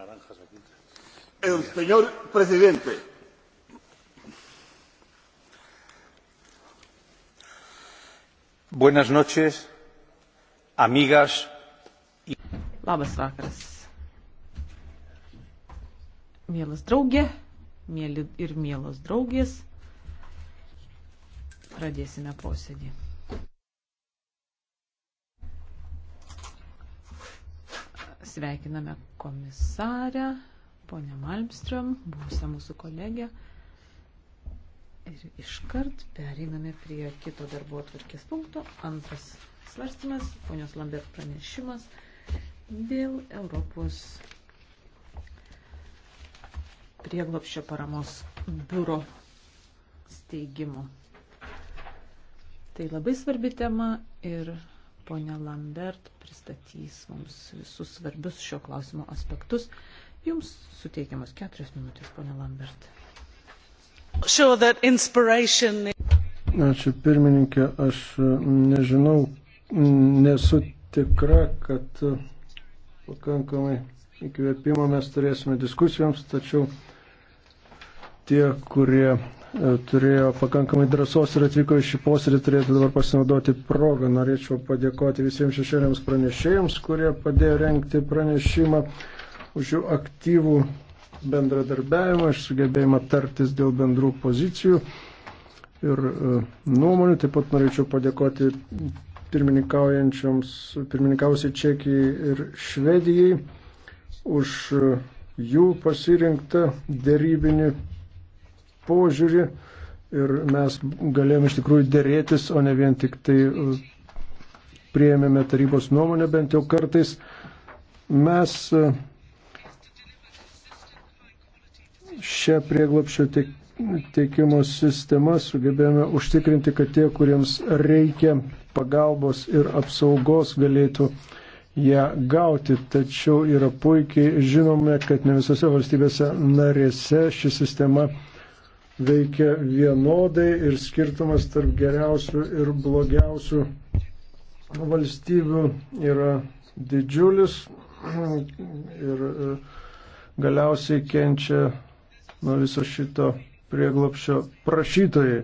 naranjas aquí. El señor presidente. Buenas noches, amigas. Y... Labas vakaras. Mielas draugė, mėly ir mielos draugės. Pradėsime posėdį. Sveikiname komisarę, ponę Malmström, buvusią mūsų kolegę. Ir iškart pereiname prie kito darbo atvarkės punkto. Antras svarstymas, ponios Lambert pranešimas dėl Europos prieglopščio paramos biuro steigimo. Tai labai svarbi tema ir Pone Lambert pristatys mums visus svarbius šio klausimo aspektus. Jums suteikiamas keturias minutės, pone Lambert. Sure inspiration... Ačiū pirmininkė, aš e, nežinau, nesu tikra, kad e, pakankamai įkvėpimo mes turėsime diskusijoms, tačiau tie, kurie E, turėjo pakankamai drąsos ir atvyko į šį posėdį, turėtų dabar pasinaudoti progą. Norėčiau padėkoti visiems šešėliams pranešėjams, kurie padėjo renkti pranešimą už jų aktyvų bendradarbiavimą, aš sugebėjimą tartis dėl bendrų pozicijų ir e, nuomonių. Taip pat norėčiau padėkoti pirmininkausiai Čekijai ir Švedijai už e, jų pasirinktą dėrybinį požiūrį ir mes galėjome iš tikrųjų dėrėtis, o ne vien tik tai e, prieėmėme tarybos nuomonę bent jau kartais. Mes e, šią prieglapščio teikimo sistemą sugebėjome užtikrinti, kad tie, kuriems reikia pagalbos ir apsaugos, galėtų ją gauti. Tačiau yra puikiai žinome, kad ne visose valstybėse narėse ši sistema veikia vienodai ir skirtumas tarp geriausių ir blogiausių valstybių yra didžiulis ir e, galiausiai kenčia nuo viso šito prieglopšio prašytojai.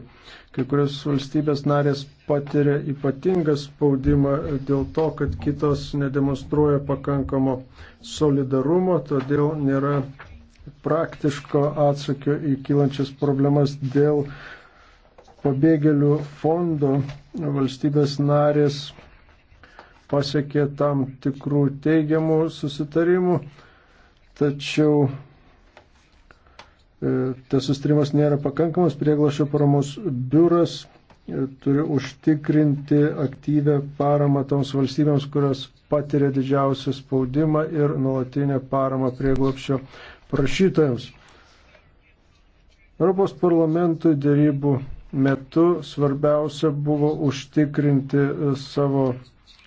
Kai kurios valstybės narės patiria ypatingą spaudimą dėl to, kad kitos nedemonstruoja pakankamo solidarumo, todėl nėra praktiško atsakio į kylančias problemas dėl pabėgėlių fondo valstybės narės pasiekė tam tikrų teigiamų susitarimų, tačiau e, tas sustarimas nėra pakankamas, prieglašio paramos biuras e, turi užtikrinti aktyvę paramą toms valstybėms, kurios patiria didžiausią spaudimą ir nuolatinę paramą prieglopščio prašytojams. Europos parlamentui dėrybų metu svarbiausia buvo užtikrinti e, savo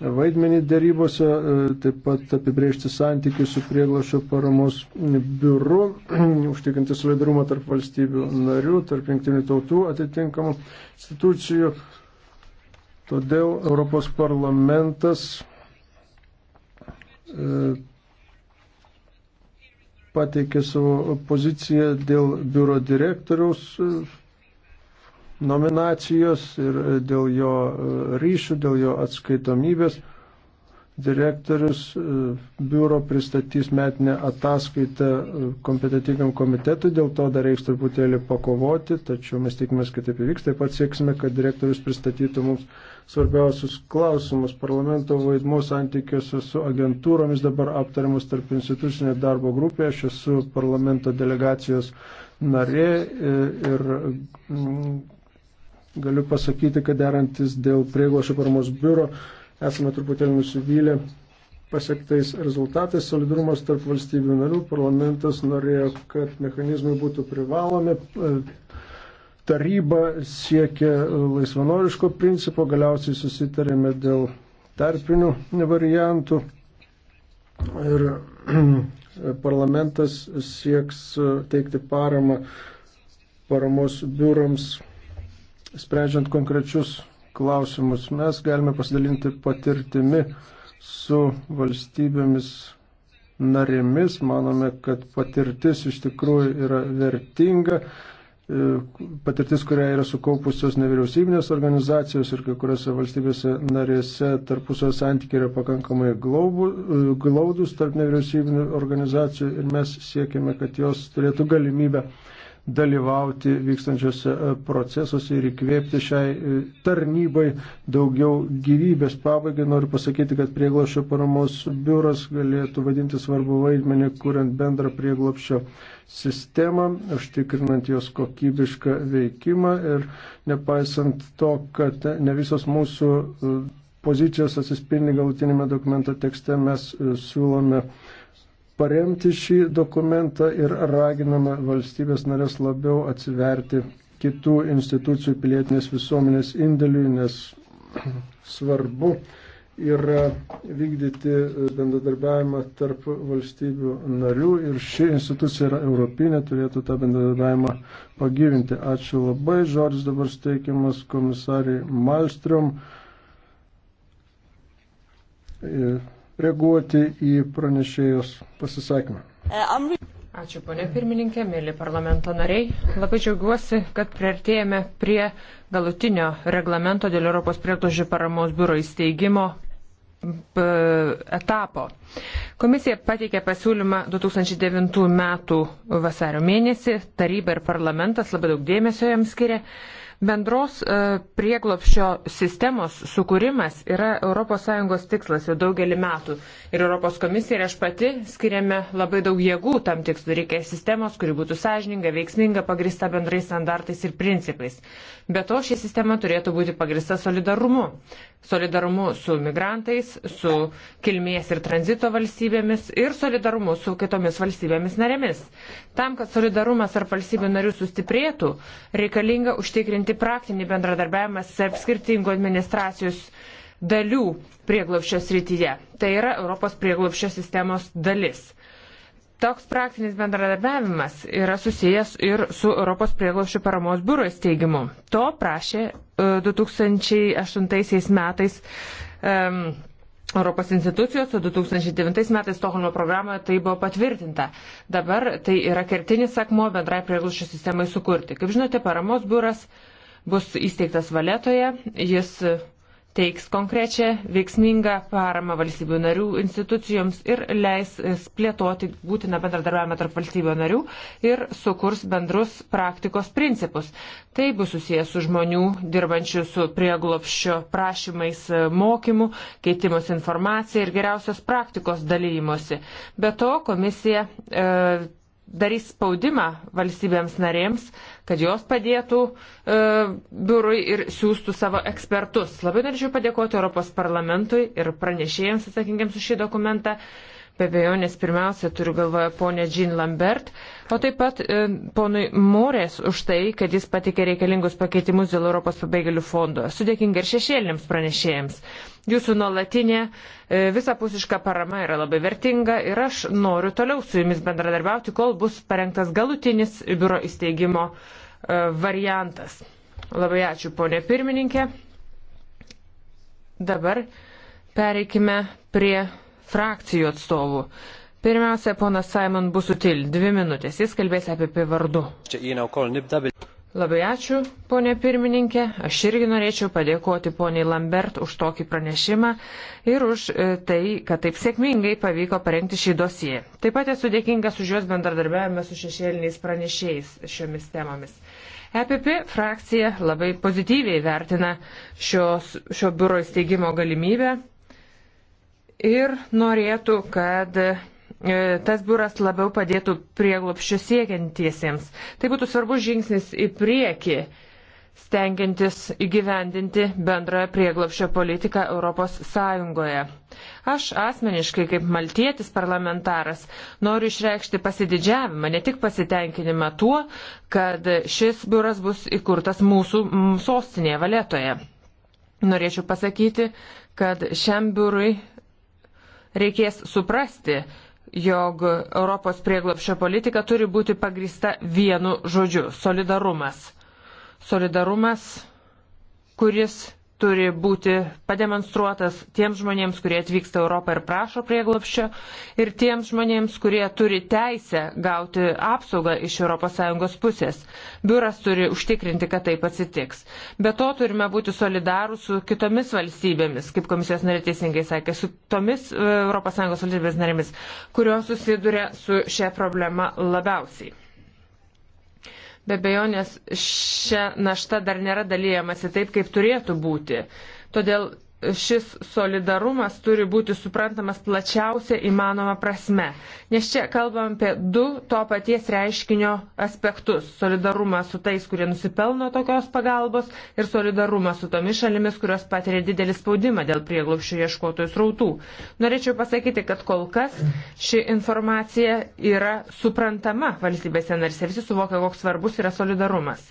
vaidmenį dėrybose, e, taip pat apibriežti santykių su prieglašio paramos biuru, užtikrinti solidarumą tarp valstybių narių, tarp jungtinių tautų atitinkamų institucijų. Todėl Europos parlamentas e, pateikė savo poziciją dėl biuro direktoriaus e, nominacijos ir e, dėl jo e, ryšių, dėl jo atskaitomybės direktorius e, biuro pristatys metinę ataskaitą e, kompetitingam komitetui, dėl to dar reiks truputėlį pakovoti, tačiau mes tikimės, kad taip įvyks. Taip pat sieksime, kad direktorius pristatytų mums svarbiausius klausimus. Parlamento vaidmuo santykiuose su agentūromis dabar aptariamus tarp institucinė darbo grupė. Aš esu parlamento delegacijos narė e, ir mm, galiu pasakyti, kad derantis dėl prieglošio paramos biuro esame truputėlį nusivylę pasiektais rezultatais. Solidarumas tarp valstybių narių. Parlamentas norėjo, kad mechanizmai būtų privalomi. Taryba siekia laisvanoriško principo. Galiausiai susitarėme dėl tarpinių variantų. Ir parlamentas sieks teikti paramą paramos biurams, sprendžiant konkrečius klausimus. Mes galime pasidalinti patirtimi su valstybėmis narėmis. Manome, kad patirtis iš tikrųjų yra vertinga. E, patirtis, kurią yra sukaupusios nevyriausybinės organizacijos ir kai kuriuose valstybėse narėse tarpusio santykiai yra pakankamai e, glaudus tarp nevyriausybinių organizacijų ir mes siekime, kad jos turėtų galimybę dalyvauti vykstančiose e, procesuose ir įkvėpti šiai e, tarnybai daugiau gyvybės. Pabaigai noriu pasakyti, kad prieglopščio paramos biuras galėtų vadinti svarbu vaidmenį, kuriant bendrą prieglopščio sistemą, užtikrinant jos kokybišką veikimą ir nepaisant to, kad ne visos mūsų e, pozicijos atsispindi galutinėme dokumento tekste, mes siūlome paremti šį dokumentą ir raginama valstybės narės labiau atsiverti kitų institucijų pilietinės visuomenės indėliui, nes svarbu yra vykdyti e, bendradarbiavimą tarp valstybių narių ir ši institucija yra europinė, turėtų tą bendradarbiavimą pagyvinti. Ačiū labai, žodis dabar steikiamas komisariai Malstrom. Ir e, reaguoti į pranešėjos pasisakymą. Ačiū, ponė pirmininkė, mėly parlamento nariai. Labai džiaugiuosi, kad priartėjame prie galutinio reglamento dėl Europos priekložių paramos biuro įsteigimo etapo. Komisija pateikė pasiūlymą 2009 m. vasario mėnesį, taryba ir parlamentas labai daug dėmesio jam skiria. Bendros e, prieglopščio sistemos sukūrimas yra ES tikslas jau daugelį metų. Ir Europos komisija ir aš pati skiriame labai daug jėgų tam tikslui. Reikia sistemos, kuri būtų sąžininga, veiksminga, pagrista bendrais standartais ir principais. Be to, ši sistema turėtų būti pagrista solidarumu solidarumu su migrantais, su kilmės ir tranzito valstybėmis ir solidarumu su kitomis valstybėmis narėmis. Tam, kad solidarumas ar valstybių narių sustiprėtų, reikalinga užtikrinti praktinį bendradarbiavimą tarp skirtingų administracijos dalių prieglopščio srityje. Tai yra Europos prieglopščio sistemos dalis. Toks praktinis bendradarbiavimas yra susijęs ir su Europos prieglaušių paramos biuro įsteigimu. To prašė 2008 e, metais um, Europos institucijos, o 2009 metais Stokholmo programoje tai buvo patvirtinta. Dabar tai yra kertinis akmo bendrai prieglaušių sistemai sukurti. Kaip žinote, paramos biuras bus įsteigtas valetoje. Jis uh, teiks konkrečią veiksmingą paramą valstybių narių institucijoms ir leis e, plėtoti būtiną bendradarbiavimą tarp valstybių narių ir sukurs bendrus praktikos principus. Tai bus susijęs su žmonių dirbančių su prieglopščio prašymais e, mokymu, keitimus informaciją ir geriausios praktikos dalymosi. Be to, komisija e, darys spaudimą valstybėms narėms, kad jos padėtų e, biurui ir siūstų savo ekspertus. Labai norėčiau padėkoti Europos parlamentui ir pranešėjams atsakingiams už šį dokumentą Be abejo, nes pirmiausia turiu galvoje ponę Jean Lambert, o taip pat e, ponui Morės už tai, kad jis patikė reikalingus pakeitimus dėl Europos pabėgėlių fondo. Sudėkinga ir šešėliniams pranešėjams. Jūsų nuolatinė e, visapusiška parama yra labai vertinga ir aš noriu toliau su jumis bendradarbiauti, kol bus parengtas galutinis biuro įsteigimo e, variantas. Labai ačiū, ponė pirmininkė. Dabar pereikime prie frakcijų atstovų. Pirmiausia, ponas Simon Busutil, dvi minutės. Jis kalbės apie pivardų. Labai ačiū, ponė pirmininkė. Aš irgi norėčiau padėkoti poniai Lambert už tokį pranešimą ir už e, tai, kad taip sėkmingai pavyko parengti šį dosiją. Taip pat esu dėkingas už jos bendradarbiavimą su šešėliniais pranešėjais šiomis temomis. EPP frakcija labai pozityviai vertina šios, šio biuro įsteigimo galimybę ir norėtų, kad e, tas biuras labiau padėtų prieglopščio siekiantiesiems. Tai būtų svarbus žingsnis į priekį, stengiantis įgyvendinti bendrąją prieglopščio politiką ES. Aš asmeniškai, kaip maltietis parlamentaras, noriu išreikšti pasididžiavimą, ne tik pasitenkinimą tuo, kad šis biuras bus įkurtas mūsų sostinėje valetoje. Norėčiau pasakyti, kad šiam biurui reikės suprasti, jog Europos prieglopščio politika turi būti pagrįsta vienu žodžiu - solidarumas. Solidarumas, kuris turi būti pademonstruotas tiems žmonėms, kurie atvyksta Europą ir prašo prieglopščio, ir tiems žmonėms, kurie turi teisę gauti apsaugą iš ES pusės. Biuras turi užtikrinti, kad taip atsitiks. Be to turime būti solidarų su kitomis valstybėmis, kaip komisijos narė teisingai sakė, su tomis e, ES valstybės narėmis, kurios susiduria su šia problema labiausiai. Be bejonės, šią naštą dar nėra dalyjamasi taip, kaip turėtų būti. Todėl šis solidarumas turi būti suprantamas plačiausia įmanoma prasme. Nes čia kalbam apie du to paties reiškinio aspektus - solidarumą su tais, kurie nusipelno tokios pagalbos ir solidarumą su tomis šalimis, kurios patiria didelį spaudimą dėl prieglopščių ieškotojų srautų. Norėčiau pasakyti, kad kol kas ši informacija yra suprantama valstybėse narse. Visi suvokia, koks svarbus yra solidarumas.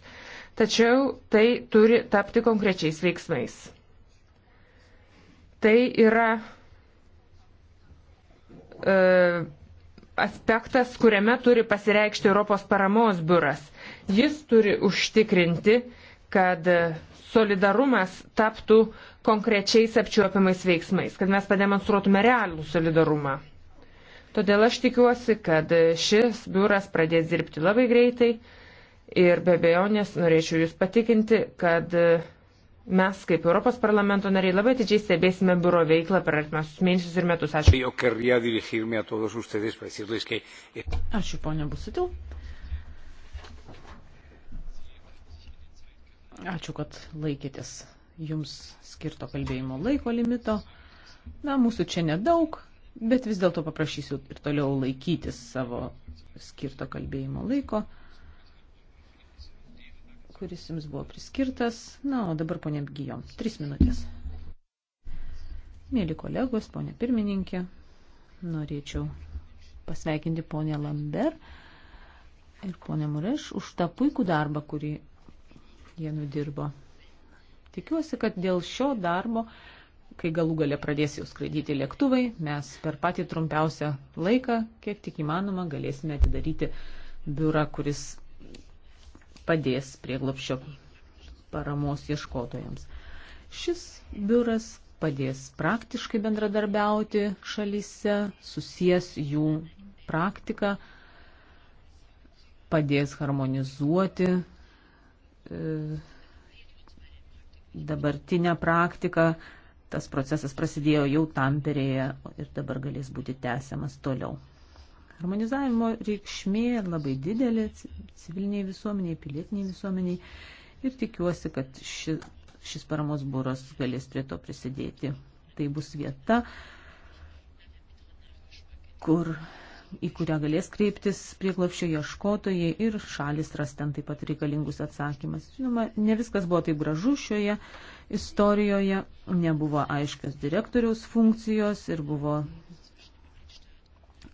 Tačiau tai turi tapti konkrečiais veiksmais. Tai yra e, aspektas, kuriame turi pasireikšti Europos paramos biuras. Jis turi užtikrinti, kad solidarumas taptų konkrečiais apčiuopiamais veiksmais, kad mes pademonstruotume realų solidarumą. Todėl aš tikiuosi, kad šis biuras pradės dirbti labai greitai ir be abejonės norėčiau Jūs patikinti, kad Mes, kaip Europos parlamento nariai, labai atidžiai stebėsime biuro veiklą per artimiausius mėnesius ir metus. Ačiū. Eh, Ačiū, ponia Busitil. Ačiū, kad laikytės jums skirto kalbėjimo laiko limito. Na, mūsų čia nedaug, bet vis dėlto paprašysiu ir toliau laikytis savo skirto kalbėjimo laiko kuris jums buvo priskirtas. Na, o dabar ponė Gijom, trys minutės. Mėly kolegos, ponė pirmininkė, norėčiau pasveikinti ponę Lambert ir ponę Mureš už tą puikų darbą, kurį jie nudirbo. Tikiuosi, kad dėl šio darbo, kai galų gale pradės jau skraidyti lėktuvai, mes per patį trumpiausią laiką, kiek tik įmanoma, galėsime atidaryti biurą, kuris padės prieglopščio paramos ieškotojams. Šis biuras padės praktiškai bendradarbiauti šalyse, susijęs jų praktiką, padės harmonizuoti e, dabartinę praktiką. Tas procesas prasidėjo jau tamperėje ir dabar galės būti tęsiamas toliau. Harmonizavimo reikšmė labai didelė civiliniai visuomeniai, pilietiniai visuomeniai ir tikiuosi, kad ši, šis paramos būros galės prie to prisidėti. Tai bus vieta, kur, į kurią galės kreiptis prieglopščio ieškotojai ir šalis ras ten taip pat reikalingus atsakymas. Žinoma, ne viskas buvo taip gražu šioje istorijoje, nebuvo aiškios direktoriaus funkcijos ir buvo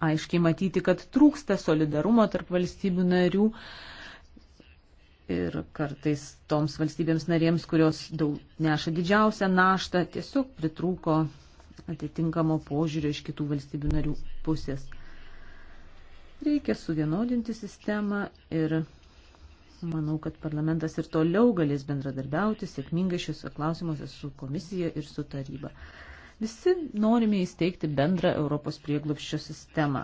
aiškiai matyti, kad trūksta solidarumo tarp valstybių narių ir kartais toms valstybėms narėms, kurios daug, neša didžiausią naštą, tiesiog pritrūko atitinkamo požiūrio iš kitų valstybių narių pusės. Reikia suvienodinti sistemą ir manau, kad parlamentas ir toliau galės bendradarbiauti sėkmingai šiuose klausimuose su komisija ir su taryba. Visi norime įsteigti bendrą Europos prieglupščio sistemą.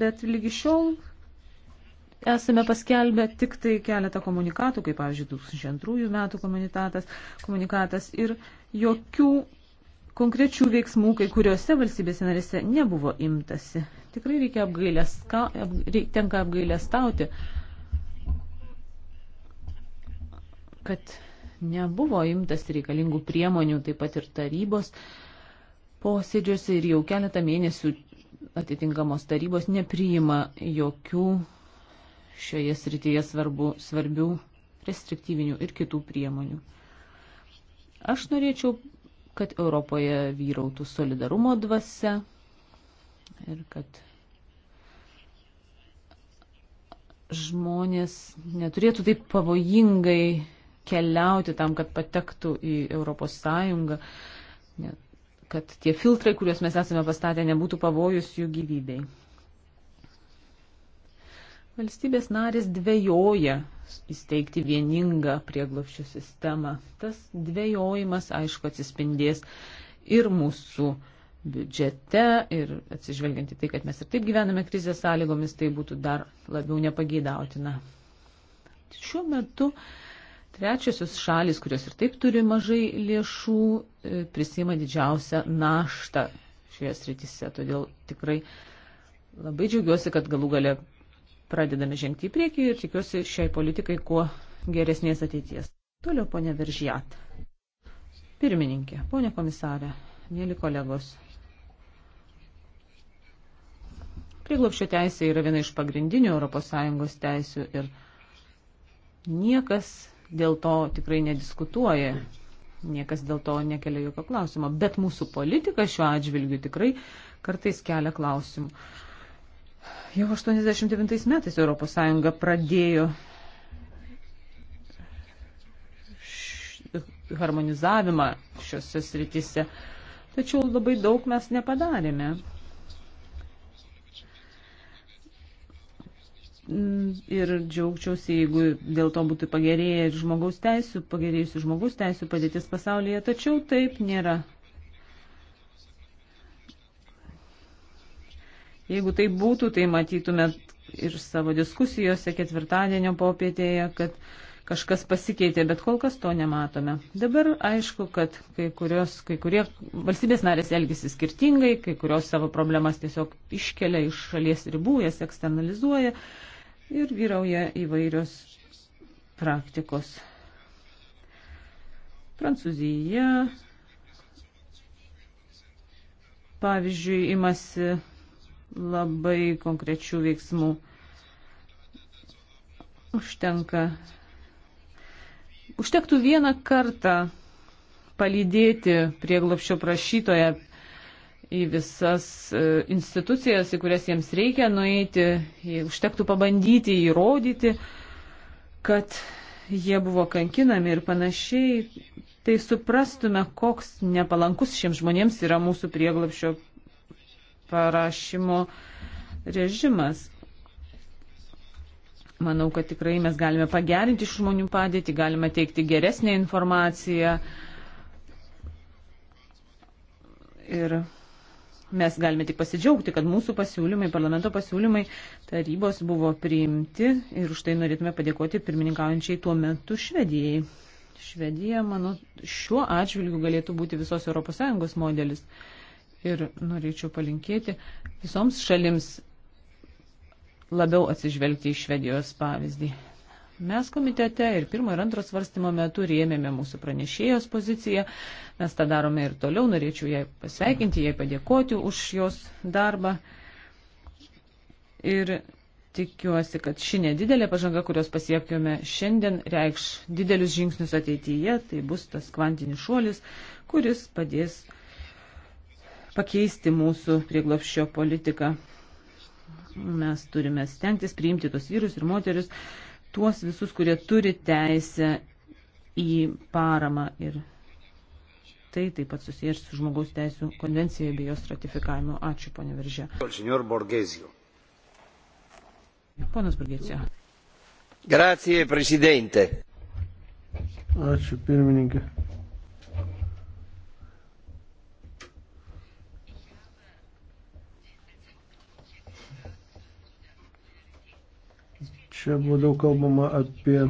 Bet lygi šiol esame paskelbę tik tai keletą komunikatų, kaip pavyzdžiui 2002 metų komunikatas, komunikatas ir jokių konkrečių veiksmų kai kuriuose valstybėse narėse nebuvo imtasi. Tikrai reikia apgailės, ka, ap, reik, tenka apgailės tauti, kad nebuvo imtas reikalingų priemonių, taip pat ir tarybos posėdžiuose ir jau keletą mėnesių atitinkamos tarybos nepriima jokių šioje srityje svarbu, svarbių restriktyvinių ir kitų priemonių. Aš norėčiau, kad Europoje vyrautų solidarumo dvasia ir kad žmonės neturėtų taip pavojingai keliauti tam, kad patektų į ES, kad tie filtrai, kuriuos mes esame pastatę, nebūtų pavojus jų gyvybei. Valstybės narės dvėjoja įsteigti vieningą prieglopščių sistemą. Tas dvėjojimas, aišku, atsispindės ir mūsų biudžete ir atsižvelgiant į tai, kad mes ir taip gyvename krizės sąlygomis, tai būtų dar labiau nepageidautina. Šiuo metu uh, Trečiosios šalis, kurios ir taip turi mažai lėšų, e, prisima didžiausią naštą šioje srityse. Todėl tikrai labai džiaugiuosi, kad galų gale pradedame žengti į priekį ir tikiuosi šiai politikai kuo geresnės ateities. Toliau, ponė Veržijat. Pirmininkė, ponė komisarė, mėly kolegos. Prieglopščio teisė yra viena iš pagrindinių ES teisių ir niekas dėl to tikrai nediskutuoja. Niekas dėl to nekelia jokio klausimo. Bet mūsų politika šiuo atžvilgiu tikrai kartais kelia klausimų. Jau 89 metais ES pradėjo harmonizavimą šiuose srityse. Tačiau labai daug mes nepadarėme. ir džiaugčiausi, jeigu dėl to būtų pagerėję ir žmogaus teisų, pagerėjusių žmogaus teisų padėtis pasaulyje, tačiau taip nėra. Jeigu tai būtų, tai matytumėt ir savo diskusijose ketvirtadienio popietėje, kad kažkas pasikeitė, bet kol kas to nematome. Dabar aišku, kad kai, kurios, kai kurie valstybės narės elgesi skirtingai, kai kurios savo problemas tiesiog iškelia iš šalies ribų, jas eksternalizuoja ir vyrauja įvairios praktikos. Prancūzija, pavyzdžiui, imasi labai konkrečių veiksmų. Užtenka. Užtektų vieną kartą palydėti prieglopščio prašytoje į visas e, institucijas, į kurias jiems reikia nueiti, užtektų pabandyti įrodyti, kad jie buvo kankinami ir panašiai, tai suprastume, koks nepalankus šiems žmonėms yra mūsų prieglapšio parašymo režimas. Manau, kad tikrai mes galime pagerinti žmonių padėtį, galime teikti geresnę informaciją. Ir Mes galime tik pasidžiaugti, kad mūsų pasiūlymai, parlamento pasiūlymai tarybos buvo priimti ir už tai norėtume padėkoti pirmininkaujančiai tuo metu Švedijai. Švedija, manau, šiuo atžvilgiu galėtų būti visos ES modelis. Ir norėčiau palinkėti visoms šalims labiau atsižvelgti į Švedijos pavyzdį. Mes komitete ir pirmo ir antro svarstymo metu rėmėme mūsų pranešėjos poziciją. Mes tą darome ir toliau. Norėčiau jai pasveikinti, jai padėkoti už jos darbą. Ir tikiuosi, kad ši nedidelė pažanga, kurios pasiekėme šiandien, reikš didelius žingsnius ateityje. Tai bus tas kvantinis šuolis, kuris padės pakeisti mūsų prieglopščio politiką. Mes turime stengtis priimti tos vyrus ir moteris, tuos visus, kurie turi teisę į paramą. Ir tai taip pat susijęs su žmogaus teisų konvencija bei jos ratifikavimu. Ačiū, ponė Viržė. Ponas Burgėcijo. Grazie, prezidente. Ačiū, pirmininkė. Čia buvo daug kalbama apie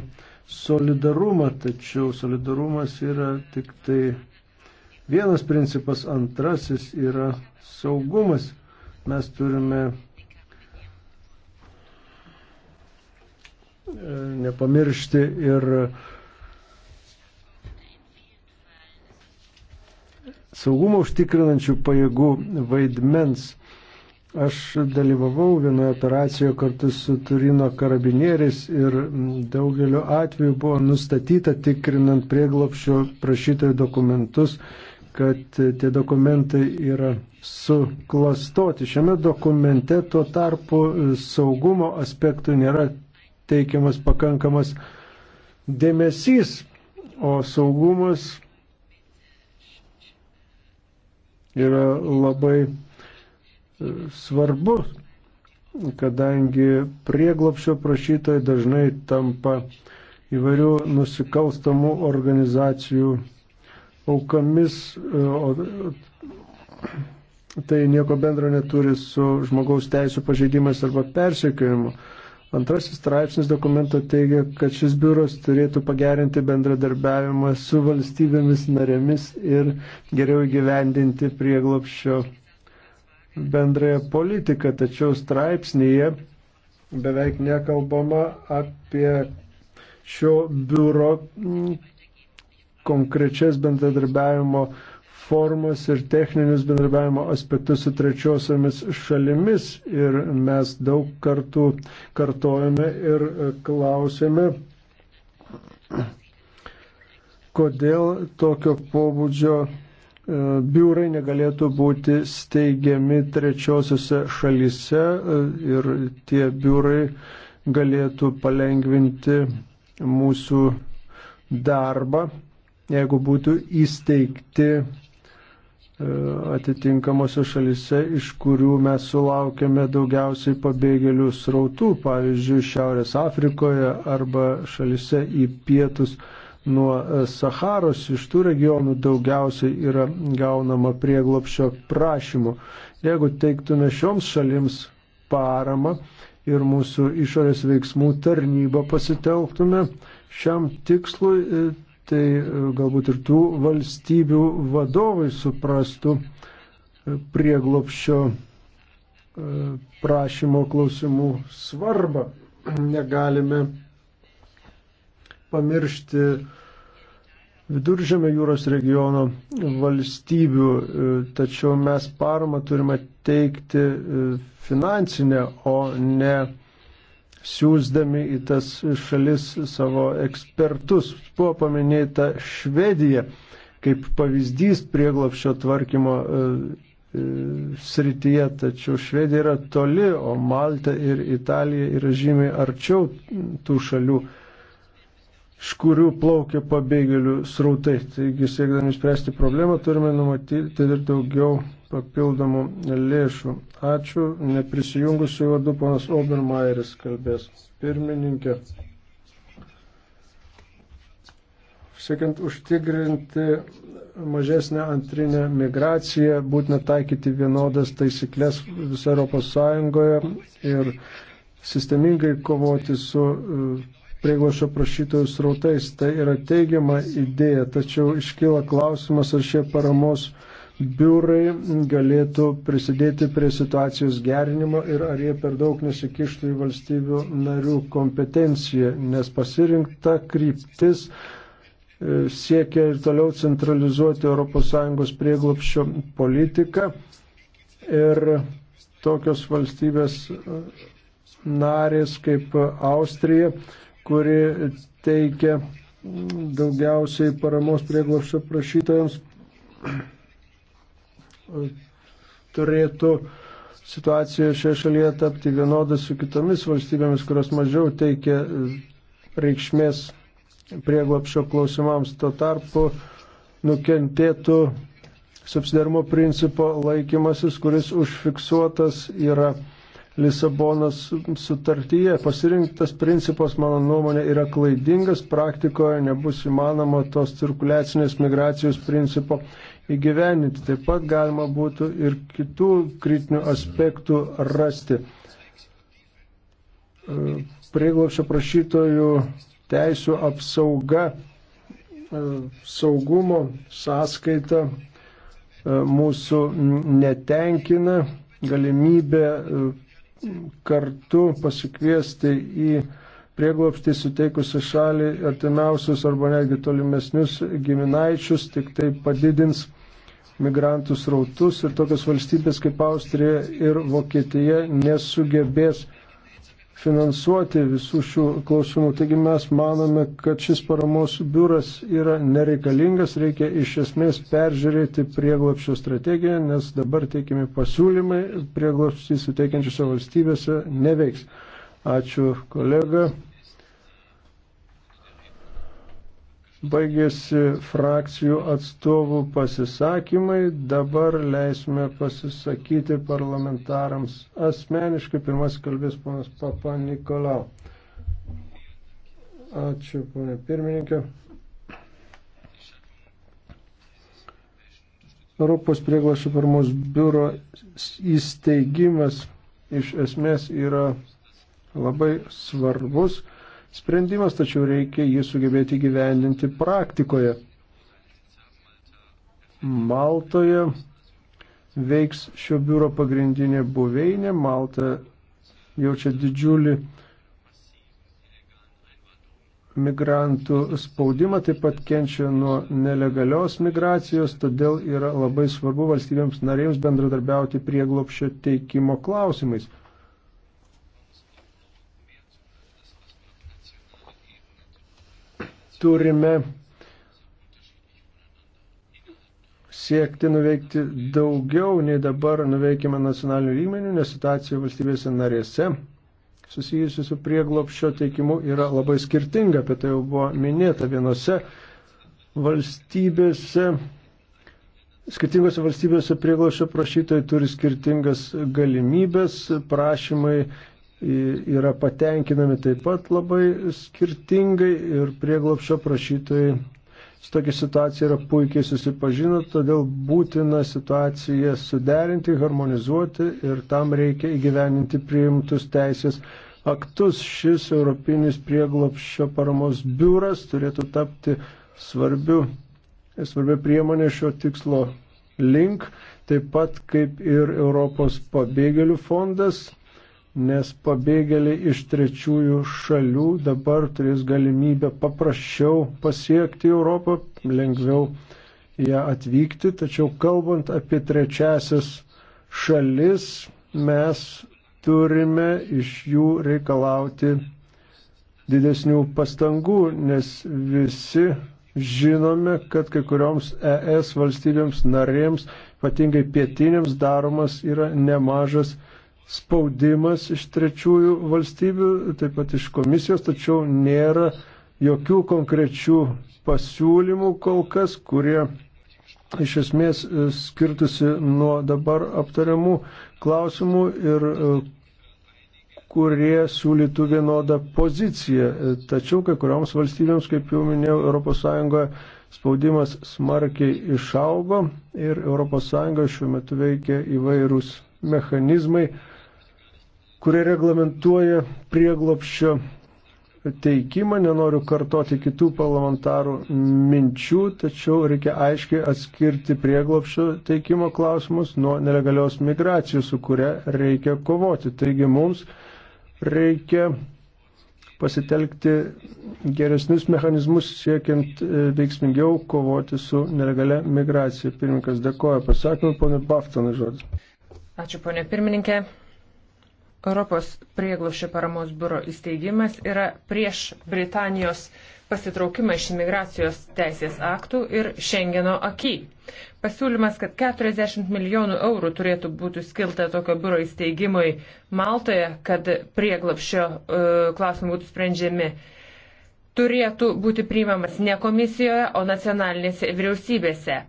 solidarumą, tačiau solidarumas yra tik tai vienas principas, antrasis yra saugumas. Mes turime e, nepamiršti ir saugumą užtikrinančių pajėgų vaidmens. Aš dalyvavau vienoje operacijoje kartu su Turino karabinieriais ir daugeliu atveju buvo nustatyta tikrinant prieglopšio prašytojų dokumentus, kad tie dokumentai yra suklastoti. Šiame dokumente tuo tarpu saugumo aspektų nėra teikiamas pakankamas dėmesys, o saugumas yra labai svarbus, kadangi prieglopšio prašytojai dažnai tampa įvairių nusikalstamų organizacijų aukomis, e, o tai nieko bendro neturi su žmogaus teisų pažeidimais arba persekiojimu. Antrasis straipsnis dokumento teigia, kad šis biuras turėtų pagerinti bendradarbiavimą su valstybėmis narėmis ir geriau įgyvendinti prieglopščio bendrąją politiką, tačiau straipsnėje beveik nekalbama apie šio biuro konkrečias bendradarbiavimo formas ir techninius bendradarbiavimo aspektus su trečiosiomis šalimis. Ir mes daug kartų kartojame ir klausėme, kodėl tokio pobūdžio biurai negalėtų būti steigiami trečiosiuose šalyse e, ir tie biurai galėtų palengvinti mūsų darbą, jeigu būtų įsteigti e, atitinkamose šalyse, iš kurių mes sulaukėme daugiausiai pabėgėlių srautų, pavyzdžiui, Šiaurės Afrikoje arba šalyse į pietus nuo e, Saharos, iš tų regionų daugiausiai yra gaunama prieglopšio prašymų. Jeigu teiktume šioms šalims paramą ir mūsų išorės veiksmų tarnybą pasitelktume šiam tikslui, e, tai e, galbūt ir tų valstybių vadovai suprastų prieglopšio prašymo klausimų svarbą. Negalime pamiršti viduržėmio jūros regiono valstybių, e, tačiau mes paramą turime teikti e, finansinę, o ne siūsdami į tas šalis savo ekspertus. Buvo paminėta Švedija kaip pavyzdys prieglapščio tvarkymo e, srityje, tačiau Švedija yra toli, o Malta ir Italija yra žymiai arčiau tų šalių iš kurių plaukia pabėgėlių srautai. Taigi, siekdami spręsti problemą, turime numatyti ir daugiau papildomų lėšų. Ačiū. Neprisijungusiu vardu ponas Obermaieris kalbės. Pirmininkė. Siekiant užtikrinti mažesnę antrinę migraciją, būtina taikyti vienodas taisyklės visą Europos Sąjungoje ir sistemingai kovoti su uh, prieglašio prašytojų srautais. Tai yra teigiama idėja, tačiau iškyla klausimas, ar šie paramos biurai galėtų prisidėti prie situacijos gerinimo ir ar jie per daug nesikištų į valstybių narių kompetenciją, nes pasirinkta kryptis e, siekia ir toliau centralizuoti ES prieglopščio politiką ir tokios valstybės e, narės kaip Austrija kuri teikia daugiausiai paramos prieglopščio prašytojams, turėtų situacija šioje šalyje tapti vienoda su kitomis valstybėmis, kurios mažiau teikia reikšmės prieglopščio klausimams. Tuo tarpu nukentėtų subsidarimo principo laikymasis, kuris užfiksuotas yra Lisabonos sutartyje. Pasirinktas principas, mano nuomonė, yra klaidingas, praktikoje nebus įmanoma tos cirkuliacinės migracijos principo įgyveninti. Taip pat galima būtų ir kitų kritinių aspektų rasti. Prieglopšio prašytojų teisų apsauga saugumo sąskaita e, mūsų netenkina, galimybė e, kartu pasikviesti į prieglopstį suteikusią šalį artimiausius arba netgi tolimesnius giminaičius, tik tai padidins migrantų srautus ir tokios valstybės kaip Austrija ir Vokietija nesugebės finansuoti visų šių klausimų. Taigi mes manome, kad šis paramos biuras yra nereikalingas, reikia iš esmės peržiūrėti prieglapščio strategiją, nes dabar teikiami pasiūlymai prieglapščiai suteikiančiose valstybėse neveiks. Ačiū kolega. Baigėsi frakcijų atstovų pasisakymai, dabar leisime pasisakyti parlamentarams asmeniškai. Pirmas kalbės ponas Papa Nikolau. Ačiū, ponė pirmininkė. Europos prieglašio paramos biuro įsteigimas iš esmės yra labai svarbus sprendimas, tačiau reikia jį sugebėti gyvendinti praktikoje. Maltoje veiks šio biuro pagrindinė buveinė. Malta jaučia didžiulį migrantų spaudimą, taip pat kenčia nuo nelegalios migracijos, todėl yra labai svarbu valstybėms narėms bendradarbiauti prieglopšio teikimo klausimais. turime siekti nuveikti daugiau nei dabar nuveikime nacionalinių lygmenių, nes situacija valstybėse narėse susijusi su prieglopščio teikimu yra labai skirtinga, apie tai jau buvo minėta vienose valstybėse. Skirtingose valstybėse prieglošio prašytojai turi skirtingas galimybės, prašymai yra patenkinami taip pat labai skirtingai ir prieglopšio prašytojai su tokia situacija yra puikiai susipažino, todėl būtina situaciją suderinti, harmonizuoti ir tam reikia įgyveninti priimtus teisės aktus. Šis Europinis prieglopščio paramos biuras turėtų tapti svarbiu, svarbia priemonė šio tikslo link, taip pat kaip ir Europos pabėgėlių fondas nes pabėgėliai iš trečiųjų šalių dabar turės galimybę paprasčiau pasiekti Europą, lengviau ją atvykti, tačiau kalbant apie trečiasias šalis, mes turime iš jų reikalauti didesnių pastangų, nes visi žinome, kad kai kurioms ES valstybėms narėms, ypatingai pietinėms, daromas yra nemažas spaudimas iš trečiųjų valstybių, taip pat iš komisijos, tačiau nėra jokių konkrečių pasiūlymų kol kas, kurie iš esmės e, skirtusi nuo dabar aptariamų klausimų ir e, kurie siūlytų vienodą poziciją. E, tačiau kai kurioms valstybėms, kaip jau minėjau, ES spaudimas smarkiai išaugo ir ES šiuo metu veikia įvairūs mechanizmai, kurie reglamentuoja prieglopščio teikimą, nenoriu kartoti kitų parlamentarų minčių, tačiau reikia aiškiai atskirti prieglopščio teikimo klausimus nuo nelegalios migracijos, su kuria reikia kovoti. Taigi mums reikia pasitelkti geresnius mechanizmus siekiant e, veiksmingiau kovoti su nelegalia migracija. Pirmininkas dėkoja pasakymą, ponė Baftonai žodis. Ačiū, ponė pirmininkė. Europos prieglošio paramos biuro įsteigimas yra prieš Britanijos pasitraukimą iš imigracijos teisės aktų ir Schengeno akį. Pasiūlymas, kad 40 milijonų eurų turėtų būti skilta tokio biuro įsteigimui Maltoje, kad prieglapšio e, klausimai būtų sprendžiami, turėtų būti priimamas ne komisijoje, o nacionalinėse vyriausybėse.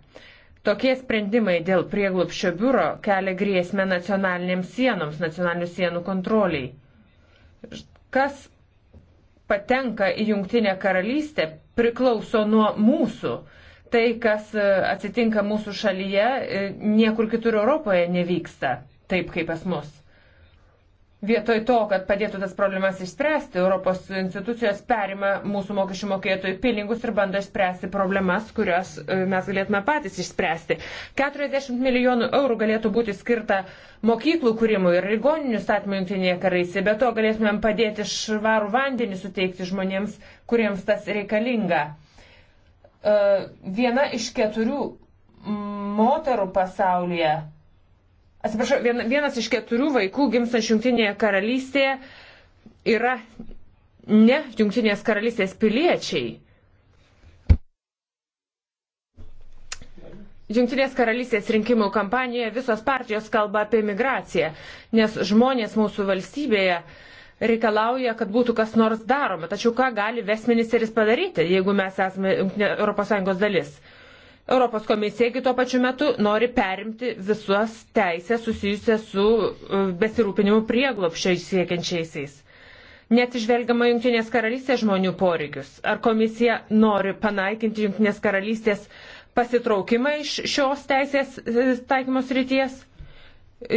Tokie sprendimai dėl prieglopščio biuro kelia grėsmę nacionalinėms sienoms, nacionalinių sienų kontroliai. Kas patenka į Jungtinę karalystę priklauso nuo mūsų. Tai, kas e, atsitinka mūsų šalyje, e, niekur kitur Europoje nevyksta taip kaip pas mus. Vietoj to, kad padėtų tas problemas išspręsti, Europos institucijos perima mūsų mokesčių mokėtojų pinigus ir bando išspręsti problemas, kurias e, mes galėtume patys išspręsti. 40 milijonų eurų galėtų būti skirta mokyklų kūrimui ir ligoninių statymui Junktinėje karalystėje, bet to galėtumėm padėti švarų vandenį suteikti žmonėms, kuriems tas reikalinga. E, viena iš keturių moterų pasaulyje atsiprašau, vienas iš keturių vaikų gimstančių Junktinėje karalystėje yra ne Junktinės karalystės piliečiai. Junktinės karalystės rinkimų kampanijoje visos partijos kalba apie migraciją, nes žmonės mūsų valstybėje reikalauja, kad būtų kas nors daroma. Tačiau ką gali Vesministeris padaryti, jeigu mes esame ES dalis? Europos komisija tuo pačiu metu nori perimti visas teisės susijusias su e, besirūpinimu prieglopščiai siekiančiaisiais. Neatsižvelgiama Junktinės karalystės žmonių poreikius. Ar komisija nori panaikinti Junktinės karalystės pasitraukimą iš šios teisės e, taikymos ryties?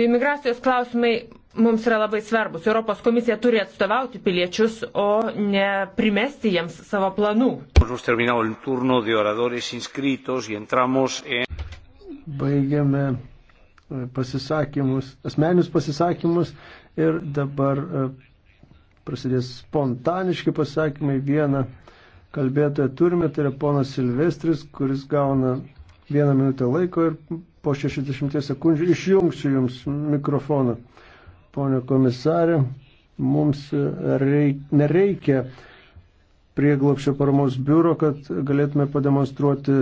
Imigracijos klausimai mums yra labai svarbus. Europos komisija turi atstovauti piliečius, o ne primesti jiems savo planų. Baigiame e, pasisakymus, asmenius pasisakymus ir dabar e, prasidės spontaniški pasakymai. Vieną kalbėtoją turime, tai yra ponas Silvestris, kuris gauna vieną minutę laiko ir po 60 sekundžių išjungsiu jums mikrofoną ponė komisarė, mums reik, nereikia prieglopšio paramos biuro, kad galėtume pademonstruoti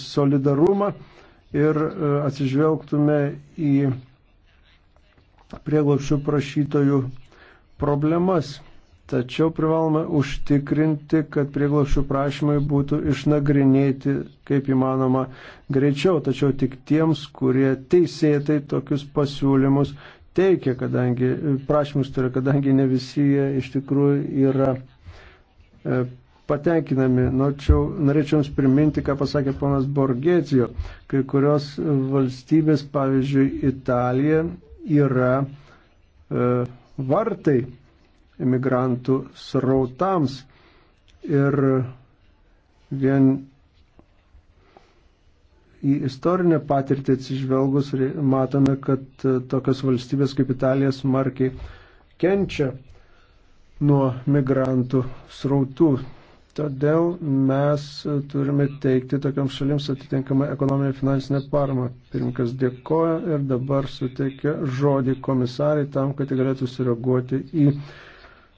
solidarumą ir e, atsižvelgtume į prieglopšio prašytojų problemas. Tačiau privalome užtikrinti, kad prieglopščių prašymai būtų išnagrinėti kaip įmanoma greičiau, tačiau tik tiems, kurie teisėtai tokius pasiūlymus teikia, kadangi prašymus turi, kadangi ne visi jie iš tikrųjų yra e, patenkinami. Norčiau, norėčiau Jums priminti, ką pasakė ponas Borgėcijo. Kai kurios valstybės, pavyzdžiui, Italija, yra e, vartai imigrantų srautams. Ir vien į istorinę patirtį atsižvelgus matome, kad e, tokios valstybės kaip Italija smarkiai kenčia nuo migrantų srautų. Todėl mes e, turime teikti tokiam šalims atitinkamą ekonominę finansinę paramą. Pirmkas dėkoja ir dabar suteikia žodį komisarai tam, kad galėtų sureaguoti į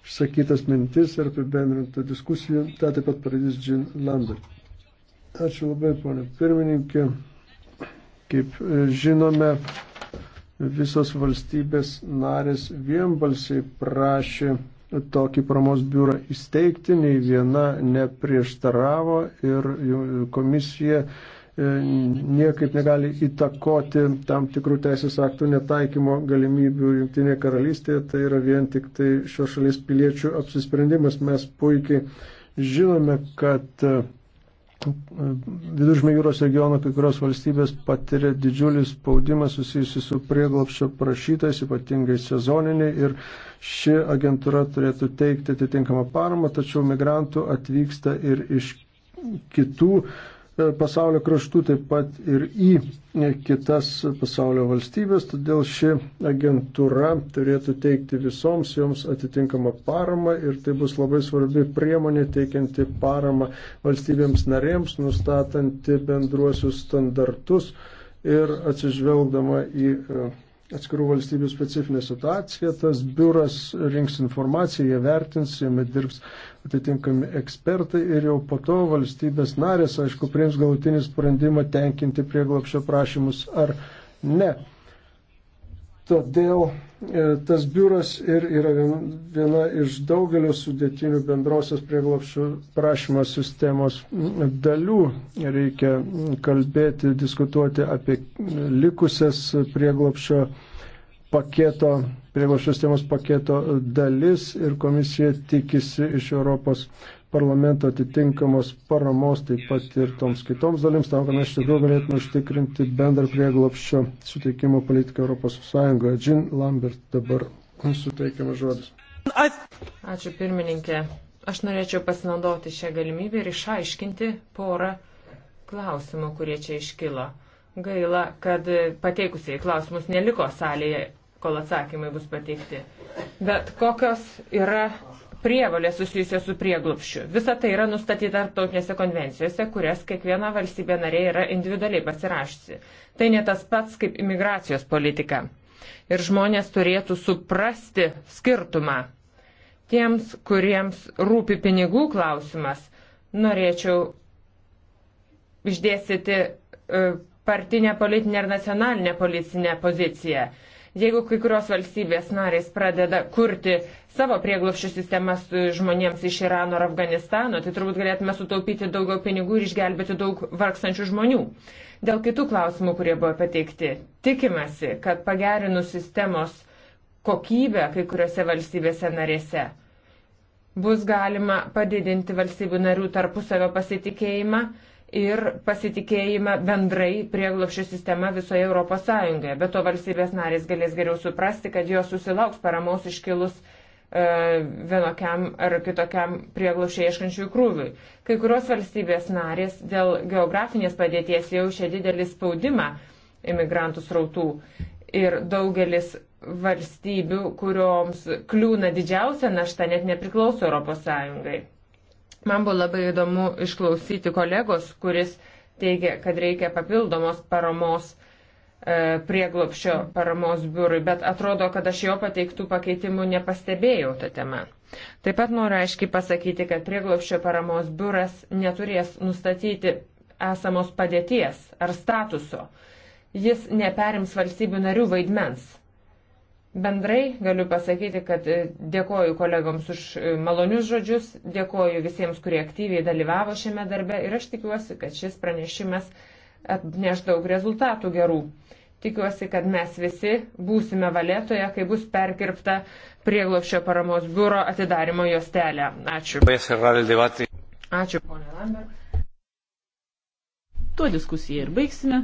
išsakytas mintis ir apibendrintą diskusiją. Ta taip pat pradės Džin Lambert. Ačiū labai, ponė pirmininkė. Kaip e, žinome, visos valstybės narės vienbalsiai prašė tokį paramos biurą įsteigti, nei viena neprieštaravo ir komisija e, niekaip negali įtakoti tam tikrų teisės aktų netaikymo galimybių Junktinėje karalystėje, tai yra vien tik tai šios šalies piliečių apsisprendimas. Mes puikiai žinome, kad e, E, Viduržmė jūros regiono kai kurios valstybės patiria didžiulį spaudimą susijusi su prieglopščio prašytais, ypatingai sezoniniai, ir ši agentūra turėtų teikti atitinkamą paramą, tačiau migrantų atvyksta ir iš kitų E, pasaulio kraštų, taip pat ir į e, kitas pasaulio valstybės, todėl ši agentūra turėtų teikti visoms joms atitinkamą paramą ir tai bus labai svarbi priemonė teikianti paramą valstybėms narėms, nustatanti bendruosius standartus ir atsižvelgdama į e, atskirų valstybių specifinė situacija, tas biuras rinks informaciją, jie vertins, jame dirbs atitinkami ekspertai ir jau po to valstybės narės, aišku, priims galutinį sprendimą tenkinti prieglapšio prašymus ar ne. Todėl E, tas biuras ir yra viena iš daugelio sudėtinių bendrosios prieglopščių prašymo sistemos dalių. Reikia kalbėti, diskutuoti apie likusias prieglopščio paketo, prieglopščio sistemos paketo dalis ir komisija tikisi iš Europos parlamento atitinkamos paramos taip pat ir toms kitoms dalims, tam, kad mes iš tikrųjų galėtume užtikrinti bendrą prieglopščio suteikimo politiką Europos Sąjungoje. Jean Lambert dabar suteikiamas žodis. Ačiū pirmininkė. Aš norėčiau pasinaudoti šią galimybę ir išaiškinti porą klausimų, kurie čia iškilo. Gaila, kad pateikusiai klausimus neliko salėje, kol atsakymai bus pateikti. Bet kokios yra prievalės susijusios su prieglupščiu. Visa tai yra nustatyta tarptautinėse konvencijose, kurias kiekviena valstybė narė yra individualiai pasirašysi. Tai ne tas pats kaip imigracijos politika. Ir žmonės turėtų suprasti skirtumą. Tiems, kuriems rūpi pinigų klausimas, norėčiau išdėstyti e, partinę politinę ir nacionalinę policinę poziciją. Jeigu kai kurios valstybės narės pradeda kurti savo prieglopščių sistemas e, žmonėms iš Irano ar Afganistano, tai turbūt galėtume sutaupyti daugiau pinigų ir išgelbėti daug vargstančių žmonių. Dėl kitų klausimų, kurie buvo pateikti, tikimasi, kad pagerinus sistemos kokybę kai kuriuose valstybėse narėse bus galima padidinti valstybių narių tarpusavio pasitikėjimą ir pasitikėjimą bendrai prieglopščio sistema visoje Europos Sąjungoje. Be to valstybės narės galės geriau suprasti, kad jos susilauks paramos iškilus e, vienokiam ar kitokiam prieglopščiai ieškančiųjų krūviui. Kai kurios valstybės narės dėl geografinės padėties jaučia didelį spaudimą imigrantų srautų ir daugelis valstybių, kurioms kliūna didžiausia našta, net nepriklauso Europos Sąjungai. Man buvo labai įdomu išklausyti kolegos, kuris teigia, kad reikia papildomos paramos e, prieglopščio paramos biurui, bet atrodo, kad aš jo pateiktų pakeitimų nepastebėjau tą temą. Taip pat noriu aiškiai pasakyti, kad prieglopščio paramos biuras neturės nustatyti esamos padėties ar statuso. Jis neperims valstybių narių vaidmens. Bendrai galiu pasakyti, kad e, dėkoju kolegoms už e, malonius žodžius, dėkoju visiems, kurie aktyviai dalyvavo šiame darbe ir aš tikiuosi, kad šis pranešimas atneš daug rezultatų gerų. Tikiuosi, kad mes visi būsime valėtoje, kai bus perkirpta prieglopščio paramos biuro atidarimo juostelė. Ačiū. Ačiū, ponė Lambert. Tuo diskusiją ir baigsime.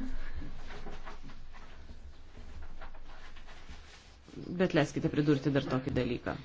bet leiskite pridurti dar tokį dalyką.